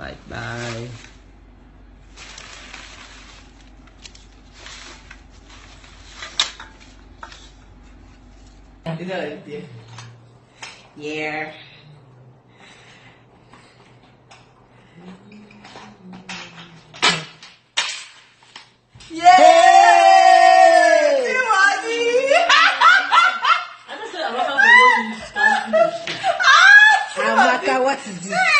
Bye bye. Is I'm not Yeah. Amaka, ah, what is this?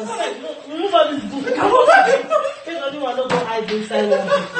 move on this book. Move on this book. This other one no go hide inside one.